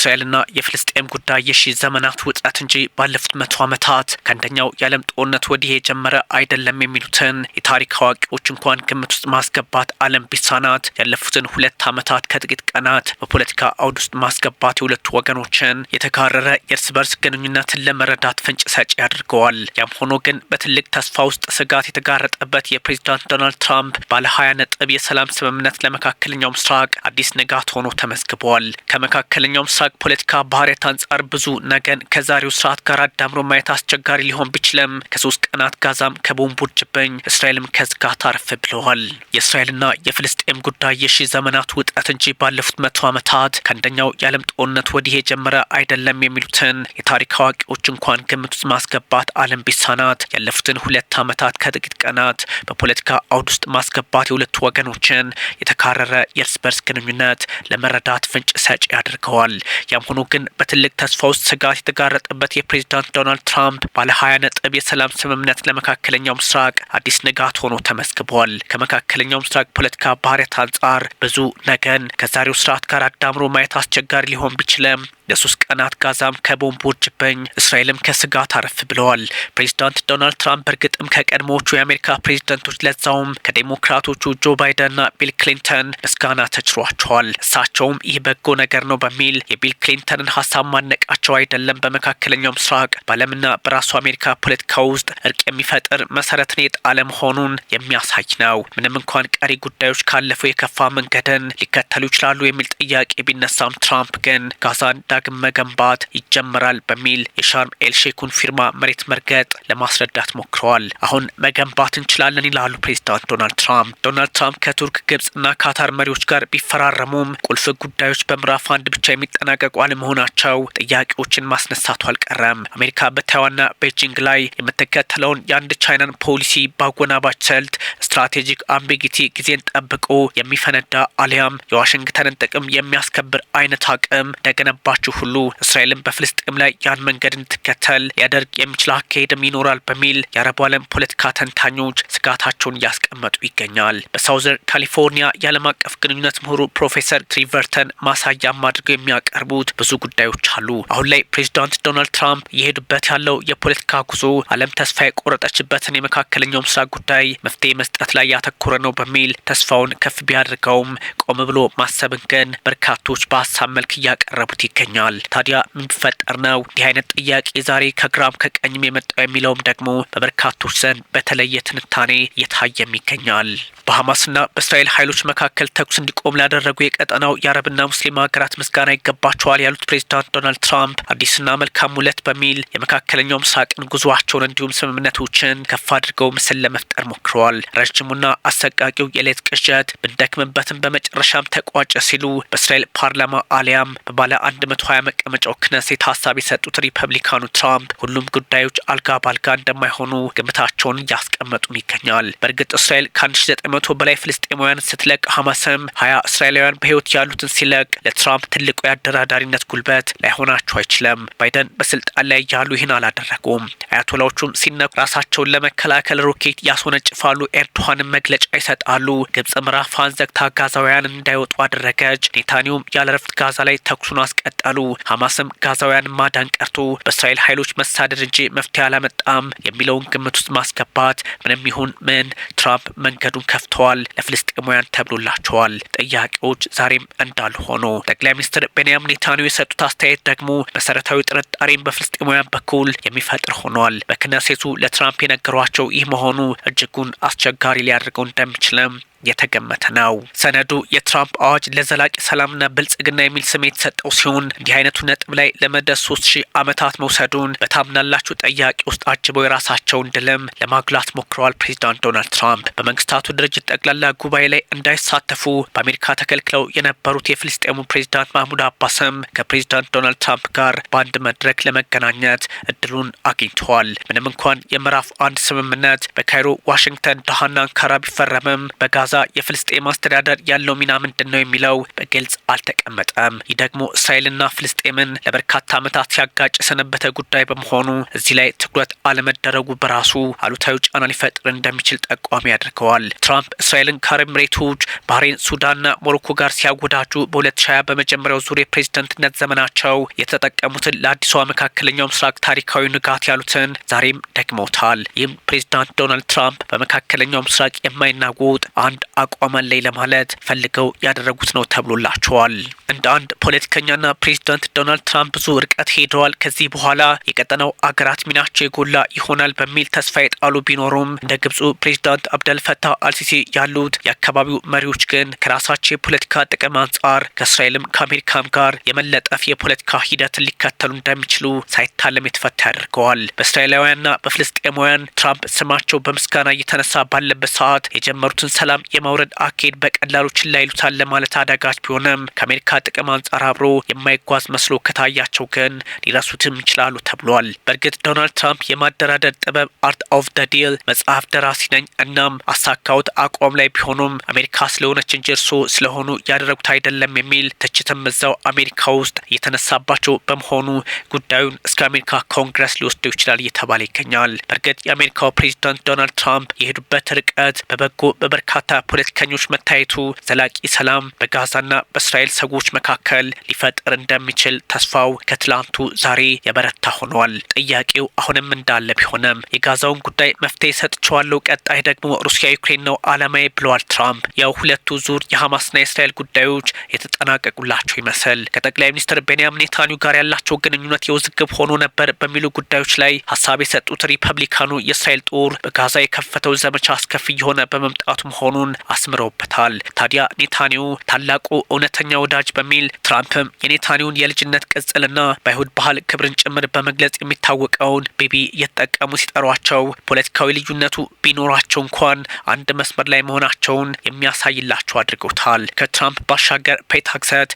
የእስራኤልና የፍልስጤም ጉዳይ የሺ ዘመናት ውጥረት እንጂ ባለፉት መቶ ዓመታት ከአንደኛው የዓለም ጦርነት ወዲህ የጀመረ አይደለም የሚሉትን የታሪክ አዋቂዎች እንኳን ግምት ውስጥ ማስገባት ዓለም ቢሳናት ያለፉትን ሁለት ዓመታት ከጥቂት ቀናት በፖለቲካ አውድ ውስጥ ማስገባት የሁለቱ ወገኖችን የተካረረ የእርስ በርስ ግንኙነትን ለመረዳት ፍንጭ ሰጪ አድርገዋል። ያም ሆኖ ግን በትልቅ ተስፋ ውስጥ ስጋት የተጋረጠበት የፕሬዚዳንት ዶናልድ ትራምፕ ባለ ሀያ ነጥብ የሰላም ስምምነት ለመካከለኛው ምስራቅ አዲስ ንጋት ሆኖ ተመዝግቧል። ከመካከለኛው ምስራቅ ከምስራቅ ፖለቲካ ባህሪያት አንጻር ብዙ ነገን ከዛሬው ስርዓት ጋር አዳምሮ ማየት አስቸጋሪ ሊሆን ቢችልም ከሶስት ቀናት ጋዛም ከቦምቡ ጅበኝ እስራኤልም ከዚህ ጋር ብለዋል። የእስራኤልና የፍልስጤም ጉዳይ የሺ ዘመናት ውጥረት እንጂ ባለፉት መቶ ዓመታት ከአንደኛው የዓለም ጦርነት ወዲህ የጀመረ አይደለም የሚሉትን የታሪክ አዋቂዎች እንኳን ግምት ውስጥ ማስገባት አለም ቢሳናት ያለፉትን ሁለት ዓመታት ከጥቂት ቀናት በፖለቲካ አውድ ውስጥ ማስገባት የሁለቱ ወገኖችን የተካረረ የእርስ በርስ ግንኙነት ለመረዳት ፍንጭ ሰጪ ያደርገዋል። ያም ሆኖ ግን በትልቅ ተስፋ ውስጥ ስጋት የተጋረጠበት የፕሬዚዳንት ዶናልድ ትራምፕ ባለ ሀያ ነጥብ የሰላም ስምምነት ለመካከለኛው ምስራቅ አዲስ ንጋት ሆኖ ተመዝግቧል። ከመካከለኛው ምስራቅ ፖለቲካ ባህሪያት አንጻር ብዙ ነገን ከዛሬው ስርዓት ጋር አዳምሮ ማየት አስቸጋሪ ሊሆን ቢችለም ለሶስት ቀናት ጋዛም ከቦምብ ወረረችብኝ፣ እስራኤልም ከስጋት አረፍ ብለዋል። ፕሬዚዳንት ዶናልድ ትራምፕ እርግጥም ከቀድሞዎቹ የአሜሪካ ፕሬዚደንቶች ለዛውም ከዴሞክራቶቹ ጆ ባይደንና ቢል ክሊንተን ምስጋና ተችሯቸዋል። እሳቸውም ይህ በጎ ነገር ነው በሚል የቢል ክሊንተንን ሀሳብ ማነቃቸው አይደለም በመካከለኛው ምስራቅ በዓለምና በራሱ አሜሪካ ፖለቲካ ውስጥ እርቅ የሚፈጥር መሰረትን የጣለ መሆኑን የሚያሳይ ነው። ምንም እንኳን ቀሪ ጉዳዮች ካለፈው የከፋ መንገድን ሊከተሉ ይችላሉ የሚል ጥያቄ ቢነሳም ትራምፕ ግን ጋዛን ዳግም መገንባት ይጀመራል በሚል የሻርም ኤልሼኩን ፊርማ መሬት መርገጥ ለማስረዳት ሞክረዋል። አሁን መገንባት እንችላለን ይላሉ ፕሬዚዳንት ዶናልድ ትራምፕ። ዶናልድ ትራምፕ ከቱርክ ግብጽና ካታር መሪዎች ጋር ቢፈራረሙም ቁልፍ ጉዳዮች በምዕራፍ አንድ ብቻ የሚጠናቀቁ አለመሆናቸው ጥያቄዎችን ማስነሳቱ አልቀረም። አሜሪካ በታይዋንና ቤጂንግ ላይ የምትከተለውን የአንድ ቻይናን ፖሊሲ ባጎናባች ስልት ስትራቴጂክ አምቢጊቲ ጊዜን ጠብቆ የሚፈነዳ አሊያም የዋሽንግተንን ጥቅም የሚያስከብር አይነት አቅም እንደገነባች ያላችሁ ሁሉ እስራኤልን በፍልስጤም ላይ ያን መንገድ እንድትከተል ሊያደርግ የሚችል አካሄድም ይኖራል በሚል የአረቡ ዓለም ፖለቲካ ተንታኞች ስጋታቸውን እያስቀመጡ ይገኛል። በሳውዘር ካሊፎርኒያ የዓለም አቀፍ ግንኙነት ምሁሩ ፕሮፌሰር ትሪቨርተን ማሳያም አድርገው የሚያቀርቡት ብዙ ጉዳዮች አሉ። አሁን ላይ ፕሬዚዳንት ዶናልድ ትራምፕ የሄዱበት ያለው የፖለቲካ ጉዞ ዓለም ተስፋ የቆረጠችበትን የመካከለኛው ምስራቅ ጉዳይ መፍትሄ መስጠት ላይ ያተኮረ ነው በሚል ተስፋውን ከፍ ቢያደርገውም ቆም ብሎ ማሰብን ግን በርካቶች በሀሳብ መልክ እያቀረቡት ይገኛል። ይገኛል። ታዲያ የሚፈጠር ነው እንዲህ አይነት ጥያቄ ዛሬ ከግራም ከቀኝም የመጣው የሚለውም ደግሞ በበርካቶች ዘንድ በተለየ ትንታኔ እየታየም ይገኛል። በሐማስና በእስራኤል ኃይሎች መካከል ተኩስ እንዲቆም ላደረጉ የቀጠናው የአረብና ሙስሊም ሀገራት ምስጋና ይገባቸዋል ያሉት ፕሬዚዳንት ዶናልድ ትራምፕ አዲስና መልካም ውለት በሚል የመካከለኛው ምስራቅን ጉዟቸውን እንዲሁም ስምምነቶችን ከፍ አድርገው ምስል ለመፍጠር ሞክረዋል። ረዥሙና አሰቃቂው የሌት ቅዠት ብንደክምበትን በመጨረሻም ተቋጨ ሲሉ በእስራኤል ፓርላማ አሊያም በባለ አንድ መቶ የመቶ መቀመጫው ክነሴት ሀሳብ የሰጡት ሪፐብሊካኑ ትራምፕ ሁሉም ጉዳዮች አልጋ ባልጋ እንደማይሆኑ ግምታቸውን እያስቀመጡም ይገኛል። በእርግጥ እስራኤል ከ1900 መቶ በላይ ፍልስጤማውያን ስትለቅ ሀማስም ሀያ እስራኤላውያን በህይወት ያሉትን ሲለቅ ለትራምፕ ትልቁ የአደራዳሪነት ጉልበት ላይሆናቸው አይችልም። ባይደን በስልጣን ላይ እያሉ ይህን አላደረጉም። አያቶላዎቹም ሲነኩ ራሳቸውን ለመከላከል ሮኬት ያስወነጭፋሉ። ኤርዶሃንን መግለጫ ይሰጣሉ። ግብጽ ራፋን ዘግታ ጋዛውያን እንዳይወጡ አደረገች። ኔታንያሁም ያለረፍት ጋዛ ላይ ተኩሱን አስቀጠሉ። አሉ። ሐማስም ጋዛውያን ማዳን ቀርቶ በእስራኤል ኃይሎች መሳደድ እንጂ መፍትሄ አላመጣም የሚለውን ግምት ውስጥ ማስገባት ምንም ይሁን ምን ትራምፕ መንገዱን ከፍተዋል፣ ለፍልስጤማውያን ተብሎላቸዋል። ጥያቄዎች ዛሬም እንዳሉ ሆኖ ጠቅላይ ሚኒስትር ቤንያሚን ኔታንያሁ የሰጡት አስተያየት ደግሞ መሰረታዊ ጥርጣሬን በፍልስጤማውያን በኩል የሚፈጥር ሆኗል። በክነሴቱ ለትራምፕ የነገሯቸው ይህ መሆኑ እጅጉን አስቸጋሪ ሊያደርገው እንደሚችልም የተገመተ ነው። ሰነዱ የትራምፕ አዋጅ ለዘላቂ ሰላምና ብልጽግና የሚል ስም የተሰጠው ሲሆን እንዲህ አይነቱ ነጥብ ላይ ለመድረስ ሶስት ሺህ ዓመታት መውሰዱን በታምናላችሁ ጥያቄ ውስጥ አጅበው የራሳቸውን ድልም ለማጉላት ሞክረዋል። ፕሬዚዳንት ዶናልድ ትራምፕ በመንግስታቱ ድርጅት ጠቅላላ ጉባኤ ላይ እንዳይሳተፉ በአሜሪካ ተከልክለው የነበሩት የፍልስጤሙ ፕሬዚዳንት ማህሙድ አባስም ከፕሬዚዳንት ዶናልድ ትራምፕ ጋር በአንድ መድረክ ለመገናኘት እድሉን አግኝተዋል። ምንም እንኳን የምዕራፍ አንድ ስምምነት በካይሮ ዋሽንግተን፣ ዳሃና አንካራ ቢፈረምም በጋዛ በጋዛ የፍልስጤም አስተዳደር ያለው ሚና ምንድን ነው የሚለው በግልጽ አልተቀመጠም። ይህ ደግሞ እስራኤልና ፍልስጤምን ለበርካታ ዓመታት ሲያጋጭ የሰነበተ ጉዳይ በመሆኑ እዚህ ላይ ትኩረት አለመደረጉ በራሱ አሉታዊ ጫና ሊፈጥር እንደሚችል ጠቋሚ አድርገዋል። ትራምፕ እስራኤልን ከአረብ ኤሚሬቶች፣ ባህሬን፣ ሱዳንና ሞሮኮ ጋር ሲያወዳጁ በ2020 በመጀመሪያው ዙር የፕሬዝደንትነት ዘመናቸው የተጠቀሙትን ለአዲሷ መካከለኛው ምስራቅ ታሪካዊ ንጋት ያሉትን ዛሬም ደግመውታል። ይህም ፕሬዚዳንት ዶናልድ ትራምፕ በመካከለኛው ምስራቅ የማይናወጥ አንድ አቋም አለኝ ለማለት ፈልገው ያደረጉት ነው ተብሎላቸዋል። እንደ አንድ ፖለቲከኛና ፕሬዚዳንት ዶናልድ ትራምፕ ብዙ ርቀት ሄደዋል። ከዚህ በኋላ የቀጠናው አገራት ሚናቸው የጎላ ይሆናል በሚል ተስፋ የጣሉ ቢኖሩም እንደ ግብፁ ፕሬዚዳንት አብደልፈታህ አልሲሲ ያሉት የአካባቢው መሪዎች ግን ከራሳቸው የፖለቲካ ጥቅም አንጻር ከእስራኤልም ከአሜሪካም ጋር የመለጠፍ የፖለቲካ ሂደትን ሊከተሉ እንደሚችሉ ሳይታለም የተፈታ ያደርገዋል። በእስራኤላውያንና በፍልስጤማውያን ትራምፕ ስማቸው በምስጋና እየተነሳ ባለበት ሰዓት የጀመሩትን ሰላም የማውረድ አካሄድ በቀላሉ ችላ ይሉታል ለማለት አዳጋች ቢሆንም ከአሜሪካ ጥቅም አንጻር አብሮ የማይጓዝ መስሎ ከታያቸው ግን ሊረሱትም ይችላሉ ተብሏል። በእርግጥ ዶናልድ ትራምፕ የማደራደር ጥበብ አርት ኦፍ ደ ዲል መጽሐፍ ደራሲ ነኝ፣ እናም አሳካውት አቋም ላይ ቢሆኑም አሜሪካ ስለሆነች እንጂ እርሶ ስለሆኑ ያደረጉት አይደለም የሚል ትችትም እዛው አሜሪካ ውስጥ እየተነሳባቸው በመሆኑ ጉዳዩን እስከ አሜሪካ ኮንግረስ ሊወስደው ይችላል እየተባለ ይገኛል። በእርግጥ የአሜሪካው ፕሬዚዳንት ዶናልድ ትራምፕ የሄዱበት ርቀት በበጎ በበርካታ ፖለቲከኞች መታየቱ ዘላቂ ሰላም በጋዛና በእስራኤል ሰዎች መካከል ሊፈጥር እንደሚችል ተስፋው ከትላንቱ ዛሬ የበረታ ሆኗል። ጥያቄው አሁንም እንዳለ ቢሆንም የጋዛውን ጉዳይ መፍትሄ ሰጥቸዋለው ቀጣይ ደግሞ ሩሲያ ዩክሬን ነው አላማዬ ብለዋል ትራምፕ። ያው ሁለቱ ዙር የሐማስና የእስራኤል ጉዳዮች የተጠናቀቁላቸው ይመስል ከጠቅላይ ሚኒስትር ቤንያሚን ኔታንያሁ ጋር ያላቸው ግንኙነት የውዝግብ ሆኖ ነበር በሚሉ ጉዳዮች ላይ ሀሳብ የሰጡት ሪፐብሊካኑ የእስራኤል ጦር በጋዛ የከፈተው ዘመቻ አስከፊ የሆነ በመምጣቱ መሆኑን አስምረውበታል። ታዲያ ኔታንያሁ ታላቁ እውነተኛ ወዳጅ በሚል ትራምፕም የኔታኒውን የልጅነት ቅጽልና በአይሁድ ባህል ክብርን ጭምር በመግለጽ የሚታወቀውን ቢቢ እየተጠቀሙ ሲጠሯቸው ፖለቲካዊ ልዩነቱ ቢኖራቸው እንኳን አንድ መስመር ላይ መሆናቸውን የሚያሳይላቸው አድርገውታል። ከትራምፕ ባሻገር ፔት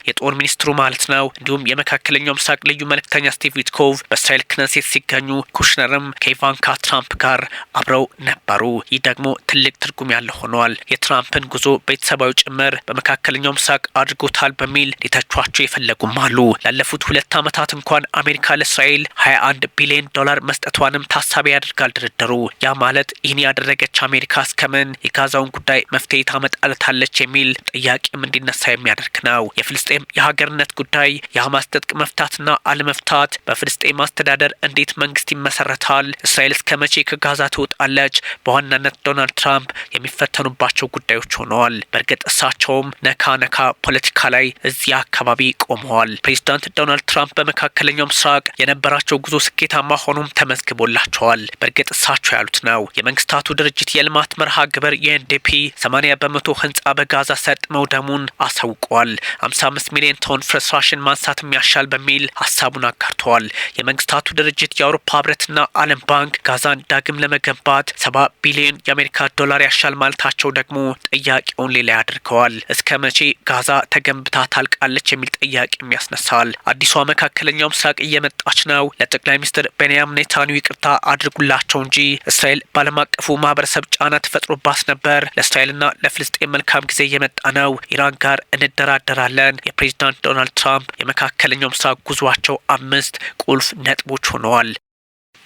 የጦር ሚኒስትሩ ማለት ነው፣ እንዲሁም የመካከለኛው ምስራቅ ልዩ መልእክተኛ ስቲቭ ዊትኮቭ በእስራኤል ክነሴት ሲገኙ ኩሽነርም ከኢቫንካ ትራምፕ ጋር አብረው ነበሩ። ይህ ደግሞ ትልቅ ትርጉም ያለው ሆኗል። የትራምፕን ጉዞ ቤተሰባዊ ጭምር በመካከለኛው ምስራቅ አድርጎታል በሚል ሊተቿቸው የፈለጉም አሉ። ላለፉት ሁለት ዓመታት እንኳን አሜሪካ ለእስራኤል 21 ቢሊዮን ዶላር መስጠቷንም ታሳቢ ያደርጋል ድርድሩ። ያ ማለት ይህን ያደረገች አሜሪካ እስከምን የጋዛውን ጉዳይ መፍትሄ ታመጣለታለች የሚል ጥያቄም እንዲነሳ የሚያደርግ ነው። የፍልስጤም የሀገርነት ጉዳይ፣ የሐማስ ትጥቅ መፍታትና አለመፍታት፣ በፍልስጤም አስተዳደር እንዴት መንግስት ይመሰረታል፣ እስራኤል እስከ መቼ ከጋዛ ትወጣለች፣ በዋናነት ዶናልድ ትራምፕ የሚፈተኑባቸው ጉዳዮች ሆነዋል። በእርግጥ እሳቸውም ነካ ነካ ፖለቲካ ላይ በዚያ አካባቢ ቆመዋል። ፕሬዚዳንት ዶናልድ ትራምፕ በመካከለኛው ምስራቅ የነበራቸው ጉዞ ስኬታማ ሆኖም ተመዝግቦላቸዋል። በእርግጥ እሳቸው ያሉት ነው። የመንግስታቱ ድርጅት የልማት መርሃ ግብር የኤንዲፒ 80 በመቶ ህንጻ በጋዛ ሰርጥ መውደሙን አሳውቀዋል። 55 ሚሊዮን ቶን ፍርስራሽን ማንሳት የሚያሻል በሚል ሀሳቡን አጋርተዋል። የመንግስታቱ ድርጅት የአውሮፓ ህብረትና ዓለም ባንክ ጋዛን ዳግም ለመገንባት ሰ7 ቢሊዮን የአሜሪካ ዶላር ያሻል ማለታቸው ደግሞ ጥያቄውን ሌላ ያደርገዋል። እስከ መቼ ጋዛ ተገንብታታል ታልቃለች የሚል ጥያቄም ያስነሳል። አዲሷ መካከለኛው ምስራቅ እየመጣች ነው። ለጠቅላይ ሚኒስትር ቤንያም ኔታንያሁ ይቅርታ አድርጉላቸው እንጂ እስራኤል ባለም አቀፉ ማህበረሰብ ጫና ተፈጥሮባት ነበር። ለእስራኤልና ለፍልስጤን መልካም ጊዜ እየመጣ ነው። ኢራን ጋር እንደራደራለን። የፕሬዚዳንት ዶናልድ ትራምፕ የመካከለኛው ምስራቅ ጉዟቸው አምስት ቁልፍ ነጥቦች ሆነዋል።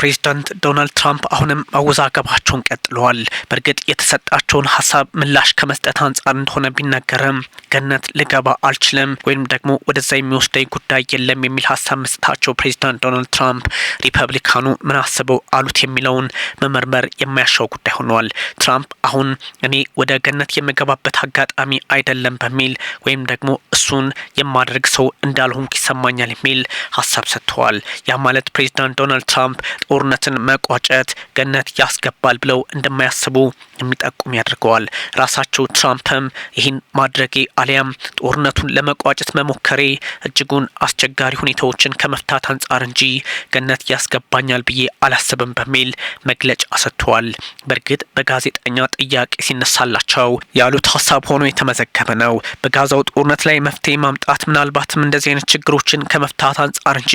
ፕሬዚዳንት ዶናልድ ትራምፕ አሁንም መወዛገባቸውን ቀጥለዋል። በእርግጥ የተሰጣቸውን ሀሳብ ምላሽ ከመስጠት አንጻር እንደሆነ ቢነገርም ገነት ልገባ አልችልም ወይም ደግሞ ወደዛ የሚወስደኝ ጉዳይ የለም የሚል ሀሳብ መስጠታቸው ፕሬዚዳንት ዶናልድ ትራምፕ ሪፐብሊካኑ ምን አስበው አሉት የሚለውን መመርመር የማያሻው ጉዳይ ሆኗል። ትራምፕ አሁን እኔ ወደ ገነት የምገባበት አጋጣሚ አይደለም በሚል ወይም ደግሞ እሱን የማደርግ ሰው እንዳልሆንኩ ይሰማኛል የሚል ሀሳብ ሰጥተዋል። ያ ማለት ፕሬዚዳንት ዶናልድ ትራምፕ ጦርነትን መቋጨት ገነት ያስገባል ብለው እንደማያስቡ የሚጠቁም ያደርገዋል። ራሳቸው ትራምፕም ይህን ማድረጌ አሊያም ጦርነቱን ለመቋጨት መሞከሬ እጅጉን አስቸጋሪ ሁኔታዎችን ከመፍታት አንጻር እንጂ ገነት ያስገባኛል ብዬ አላስብም በሚል መግለጫ ሰጥተዋል። በእርግጥ በጋዜጠኛ ጥያቄ ሲነሳላቸው ያሉት ሀሳብ ሆኖ የተመዘገበ ነው። በጋዛው ጦርነት ላይ መፍትሄ ማምጣት ምናልባትም እንደዚህ አይነት ችግሮችን ከመፍታት አንጻር እንጂ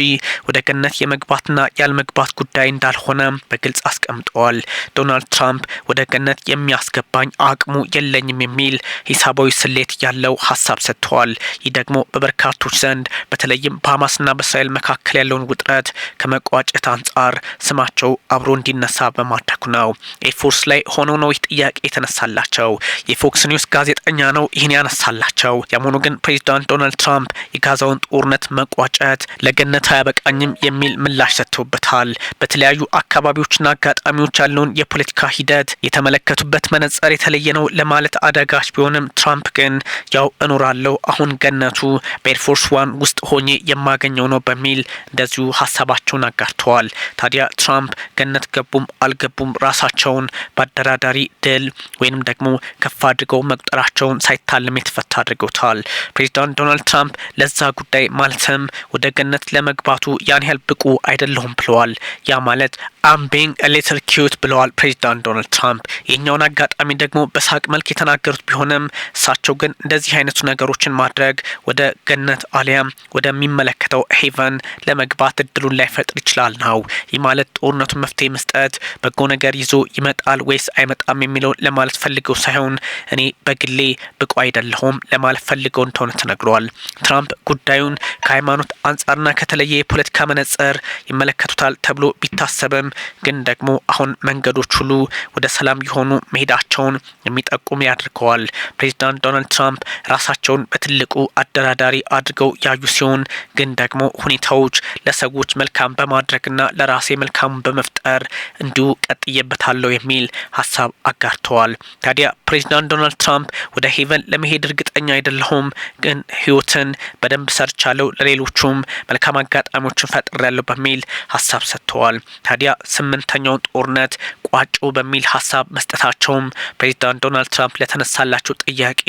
ወደ ገነት የመግባትና ያልመግባት ጉዳይ ጉዳይ እንዳልሆነ በግልጽ አስቀምጠዋል። ዶናልድ ትራምፕ ወደ ገነት የሚያስገባኝ አቅሙ የለኝም የሚል ሂሳባዊ ስሌት ያለው ሀሳብ ሰጥተዋል። ይህ ደግሞ በበርካቶች ዘንድ በተለይም በሀማስና በእስራኤል መካከል ያለውን ውጥረት ከመቋጨት አንጻር ስማቸው አብሮ እንዲነሳ በማድረጉ ነው። ኤርፎርስ ላይ ሆነው ነው ይህ ጥያቄ የተነሳላቸው። የፎክስ ኒውስ ጋዜጠኛ ነው ይህን ያነሳላቸው። ያመሆኑ ግን ፕሬዚዳንት ዶናልድ ትራምፕ የጋዛውን ጦርነት መቋጨት ለገነት አያበቃኝም የሚል ምላሽ ሰጥተውበታል። በተለያዩ አካባቢዎችና አጋጣሚዎች ያለውን የፖለቲካ ሂደት የተመለከቱበት መነጽር የተለየ ነው ለማለት አዳጋች ቢሆንም ትራምፕ ግን ያው እኖራለሁ አሁን ገነቱ በኤርፎርስ ዋን ውስጥ ሆኜ የማገኘው ነው በሚል እንደዚሁ ሀሳባቸውን አጋርተዋል። ታዲያ ትራምፕ ገነት ገቡም አልገቡም ራሳቸውን በአደራዳሪ ድል ወይንም ደግሞ ከፍ አድርገው መቁጠራቸውን ሳይታለም የተፈታ አድርገውታል። ፕሬዚዳንት ዶናልድ ትራምፕ ለዛ ጉዳይ ማለትም ወደ ገነት ለመግባቱ ያን ያህል ብቁ አይደለሁም ብለዋል። ያ ማለት አምቤንግ ሌትል ኪዩት ብለዋል ፕሬዚዳንት ዶናልድ ትራምፕ። የኛውን አጋጣሚ ደግሞ በሳቅ መልክ የተናገሩት ቢሆንም እሳቸው ግን እንደዚህ አይነቱ ነገሮችን ማድረግ ወደ ገነት አሊያም ወደሚመለከተው ሄቨን ለመግባት እድሉን ላይፈጥር ይችላል ነው። ይህ ማለት ጦርነቱን መፍትሄ መስጠት በጎ ነገር ይዞ ይመጣል ወይስ አይመጣም የሚለውን ለማለት ፈልገው ሳይሆን እኔ በግሌ ብቁ አይደለሁም ለማለት ፈልገው እንደሆነ ተነግሯል። ትራምፕ ጉዳዩን ከሃይማኖት አንጻርና ከተለየ የፖለቲካ መነጽር ይመለከቱታል ተብሎ ቢ ቢታሰብም ግን ደግሞ አሁን መንገዶች ሁሉ ወደ ሰላም የሆኑ መሄዳቸውን የሚጠቁም ያድርገዋል። ፕሬዚዳንት ዶናልድ ትራምፕ ራሳቸውን በትልቁ አደራዳሪ አድርገው ያዩ ሲሆን ግን ደግሞ ሁኔታዎች ለሰዎች መልካም በማድረግና ለራሴ መልካም በመፍጠር እንዲሁ ቀጥየበታለሁ የሚል ሀሳብ አጋርተዋል። ታዲያ ፕሬዚዳንት ዶናልድ ትራምፕ ወደ ሄቨን ለመሄድ እርግጠኛ አይደለሁም፣ ግን ህይወትን በደንብ ሰርቻለሁ፣ ለሌሎቹም መልካም አጋጣሚዎችን ፈጥሬያለሁ በሚል ሀሳብ ሰጥተዋል። ታዲያ ስምንተኛውን ጦርነት ቋጮ በሚል ሀሳብ መስጠታቸውም ፕሬዚዳንት ዶናልድ ትራምፕ ለተነሳላቸው ጥያቄ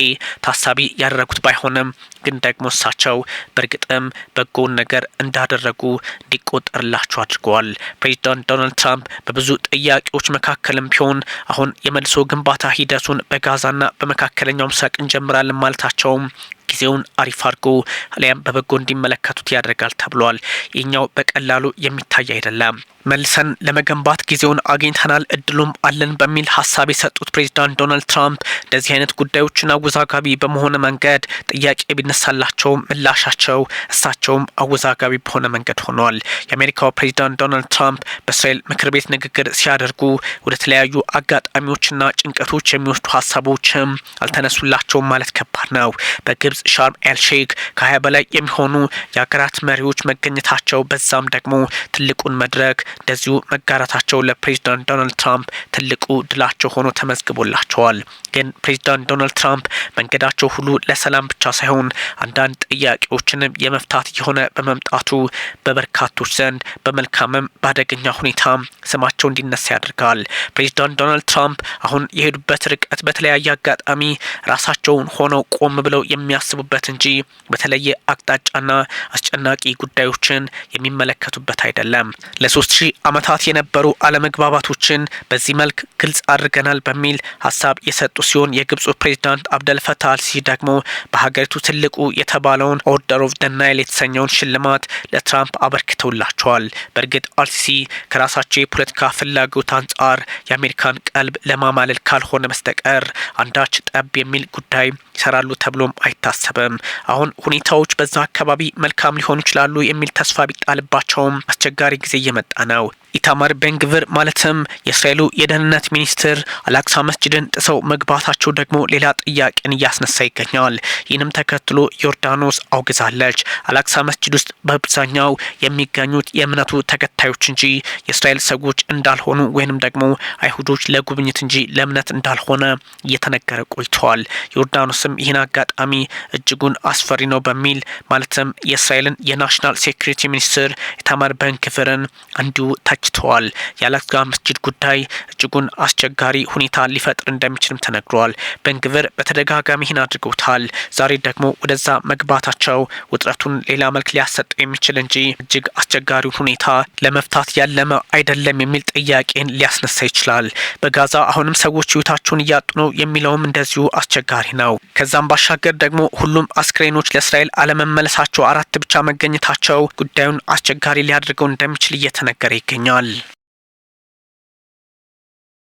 ታሳቢ ያደረጉት ባይሆንም ግን ደግሞ እሳቸው በእርግጥም በጎውን ነገር እንዳደረጉ እንዲቆጠርላቸው አድርገዋል። ፕሬዚዳንት ዶናልድ ትራምፕ በብዙ ጥያቄዎች መካከልም ቢሆን አሁን የመልሶ ግንባታ ሂደቱን በጋዛና በመካከለኛው ምስራቅ እንጀምራለን ማለታቸውም ጊዜውን አሪፍ አድርጎ አሊያም በበጎ እንዲመለከቱት ያደርጋል ተብሏል። ይህኛው በቀላሉ የሚታይ አይደለም። መልሰን ለመገንባት ጊዜውን አግኝተናል፣ እድሉም አለን በሚል ሀሳብ የሰጡት ፕሬዚዳንት ዶናልድ ትራምፕ እንደዚህ አይነት ጉዳዮችን አወዛጋቢ በመሆነ መንገድ ጥያቄ ቢነሳላቸው ምላሻቸው እሳቸውም አወዛጋቢ በሆነ መንገድ ሆኗል። የአሜሪካው ፕሬዚዳንት ዶናልድ ትራምፕ በእስራኤል ምክር ቤት ንግግር ሲያደርጉ ወደ ተለያዩ አጋጣሚዎችና ጭንቀቶች የሚወስዱ ሀሳቦችም አልተነሱላቸውም ማለት ከባድ ነው። በግብጽ ሻርም ኤልሼክ ከሀያ በላይ የሚሆኑ የሀገራት መሪዎች መገኘታቸው በዛም ደግሞ ትልቁን መድረክ እንደዚሁ መጋራታቸው ለፕሬዚዳንት ዶናልድ ትራምፕ ትልቁ ድላቸው ሆኖ ተመዝግቦላቸዋል። ግን ፕሬዚዳንት ዶናልድ ትራምፕ መንገዳቸው ሁሉ ለሰላም ብቻ ሳይሆን አንዳንድ ጥያቄዎችንም የመፍታት የሆነ በመምጣቱ በበርካቶች ዘንድ በመልካምም በአደገኛ ሁኔታ ስማቸው እንዲነሳ ያደርጋል። ፕሬዚዳንት ዶናልድ ትራምፕ አሁን የሄዱበት ርቀት በተለያየ አጋጣሚ ራሳቸውን ሆነው ቆም ብለው የሚያስቡበት እንጂ በተለየ አቅጣጫና አስጨናቂ ጉዳዮችን የሚመለከቱበት አይደለም። ለሶስት ሺ ሺህ ዓመታት የነበሩ አለመግባባቶችን በዚህ መልክ ግልጽ አድርገናል በሚል ሀሳብ የሰጡ ሲሆን የግብፁ ፕሬዚዳንት አብደልፈታ አልሲሲ ደግሞ በሀገሪቱ ትልቁ የተባለውን ኦርደር ኦፍ ደናይል የተሰኘውን ሽልማት ለትራምፕ አበርክተውላቸዋል። በእርግጥ አልሲሲ ከራሳቸው የፖለቲካ ፍላጎት አንጻር የአሜሪካን ቀልብ ለማማለል ካልሆነ በስተቀር አንዳች ጠብ የሚል ጉዳይ ይሰራሉ ተብሎም አይታሰብም። አሁን ሁኔታዎች በዛ አካባቢ መልካም ሊሆኑ ይችላሉ የሚል ተስፋ ቢጣልባቸውም አስቸጋሪ ጊዜ እየመጣ ነው። now ኢታማር ቤንግቪር ማለትም የእስራኤሉ የደህንነት ሚኒስትር አላክሳ መስጅድን ጥሰው መግባታቸው ደግሞ ሌላ ጥያቄን እያስነሳ ይገኛል። ይህንም ተከትሎ ዮርዳኖስ አውግዛለች። አላክሳ መስጅድ ውስጥ በአብዛኛው የሚገኙት የእምነቱ ተከታዮች እንጂ የእስራኤል ሰዎች እንዳልሆኑ ወይንም ደግሞ አይሁዶች ለጉብኝት እንጂ ለእምነት እንዳልሆነ እየተነገረ ቆይተዋል። ዮርዳኖስም ይህን አጋጣሚ እጅጉን አስፈሪ ነው በሚል ማለትም የእስራኤልን የናሽናል ሴኩሪቲ ሚኒስትር ኢታማር ቤንግቪርን እንዲሁ አመላክተዋል። የአላክጋ መስጅድ ጉዳይ እጅጉን አስቸጋሪ ሁኔታ ሊፈጥር እንደሚችልም ተነግሯል። በንግብር በተደጋጋሚ ይህን አድርገውታል። ዛሬ ደግሞ ወደዛ መግባታቸው ውጥረቱን ሌላ መልክ ሊያሰጠው የሚችል እንጂ እጅግ አስቸጋሪውን ሁኔታ ለመፍታት ያለመ አይደለም የሚል ጥያቄን ሊያስነሳ ይችላል። በጋዛ አሁንም ሰዎች ህይወታቸውን እያጡ ነው የሚለውም እንደዚሁ አስቸጋሪ ነው። ከዛም ባሻገር ደግሞ ሁሉም አስክሬኖች ለእስራኤል አለመመለሳቸው፣ አራት ብቻ መገኘታቸው ጉዳዩን አስቸጋሪ ሊያደርገው እንደሚችል እየተነገረ ይገኛል። ይገኛል።